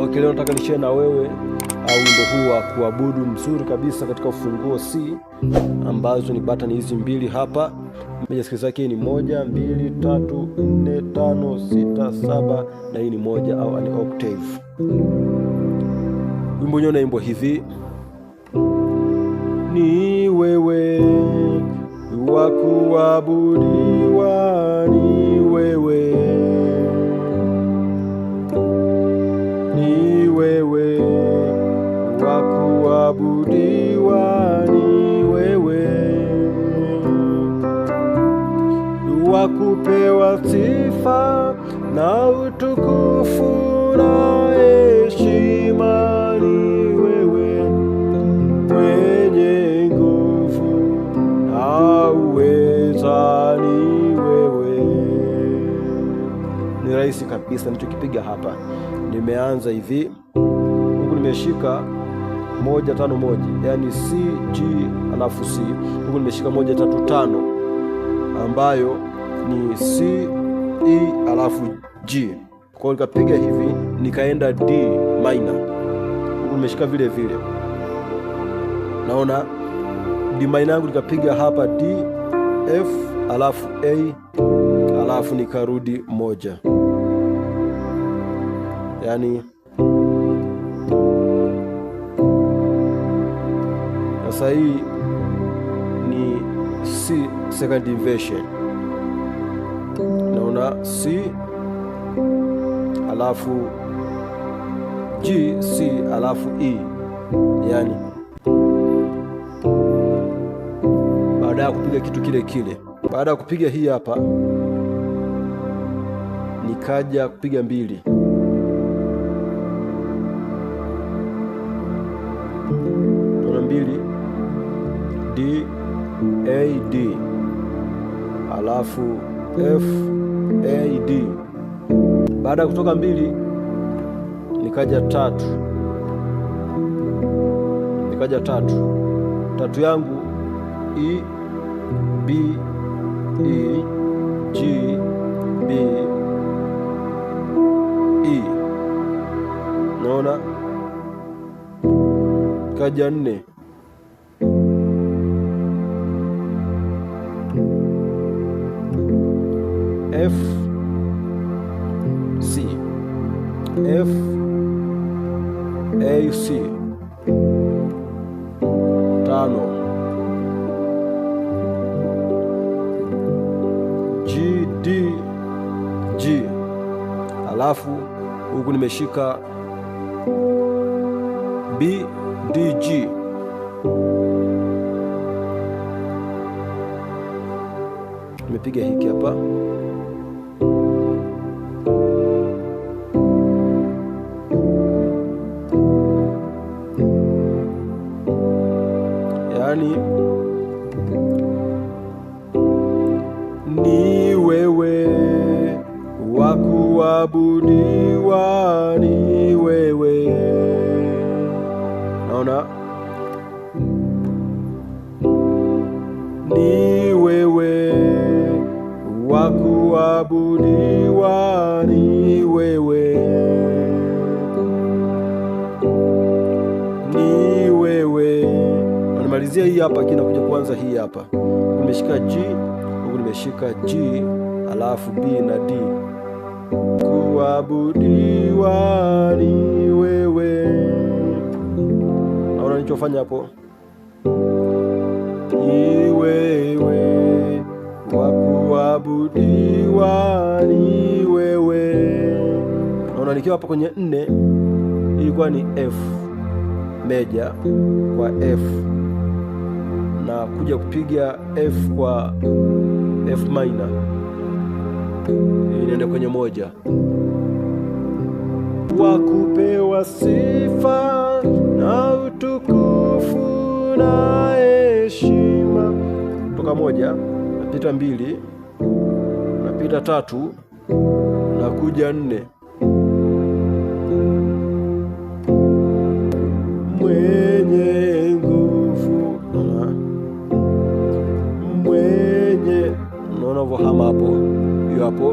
Okay, leo nataka nishare na wewe au wimbo huu wa kuabudu mzuri kabisa katika ufunguo C ambazo ni button hizi mbili hapa. Sikiliza, hii ni moja, mbili, tatu, nne, tano, sita, saba na hii ni moja au an octave. Wimbo wenyewe naimbwa hivi: ni wewe wa kuabudu sifa na utukufu na heshima ni wewe mwenye nguvu na uweza ni wewe. Ni rahisi kabisa nilichokipiga hapa, nimeanza hivi huku nimeshika moja tano moja, yani C G alafu C, huku nimeshika moja tatu tano ambayo ni C, E alafu G. Kwa hiyo nikapiga hivi nikaenda D minor, Umeshika vile vile, naona D minor yangu nikapiga hapa D, F alafu A alafu nikarudi moja, yaani sasa hii ni C second inversion naona C alafu G C alafu E, yani baada ya kupiga kitu kile kile, baada ya kupiga hii hapa, nikaja kupiga mbili tuna mbili D A D alafu D. Baada ya kutoka mbili nikaja tatu, nikaja tatu, tatu yangu E B E G B E, naona kaja nne F A C tano G D G, alafu huku nimeshika B D G nimepiga hiki hapa. yaani ni wewe wa kuabudiwa, ni wewe. Naona ni wewe wa kuabudiwa kuanzia hii hapa kinakuja kuanza hii hapa, nimeshika G huku, nimeshika G alafu B na D. Kuabudiwa ni wewe. Naona nichofanya hapo, iwewe wa kuabudiwa ni wewe. Naona nikiwa hapa kwenye nne ilikuwa ni F meja kwa F na kuja kupiga F kwa F minor inaenda kwenye moja. Wa kupewa sifa na utukufu na heshima, toka moja napita mbili napita tatu na kuja nne mwe hapo,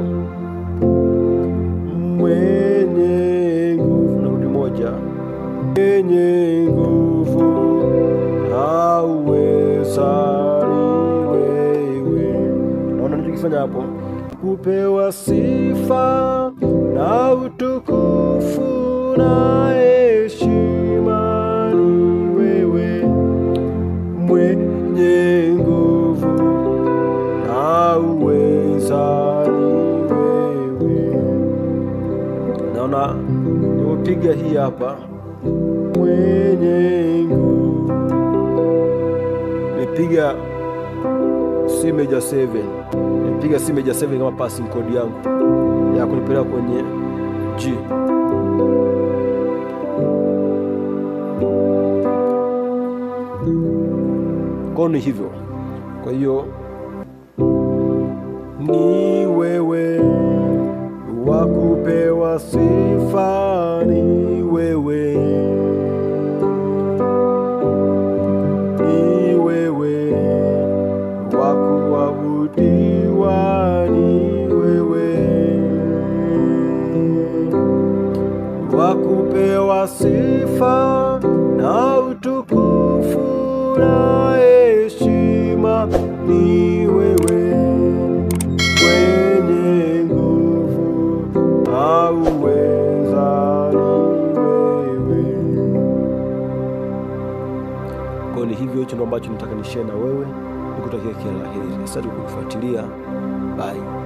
mwenye nguvu. Narudi moja, mwenye nguvu hauwezani wewe. Naona nichokifanya hapo, kupewa sifa na utukufu na Bwana, nimepiga hii hapa mwenye nguvu, nipiga C major 7, nipiga C major 7 kama passing code yangu ya kunipeleka kwenye G. Kwa ni hivyo, kwa hiyo ni wewe nilipewa sifa ni wewe, ni wewe wa kuabudiwa, ni wewe wa kupewa sifa na utukufu na heshima ni Kwa ni hivyo, hicho ndo ambacho nataka na wewe, nikutakia kila la heri. Asante kwa kufuatilia. Bye.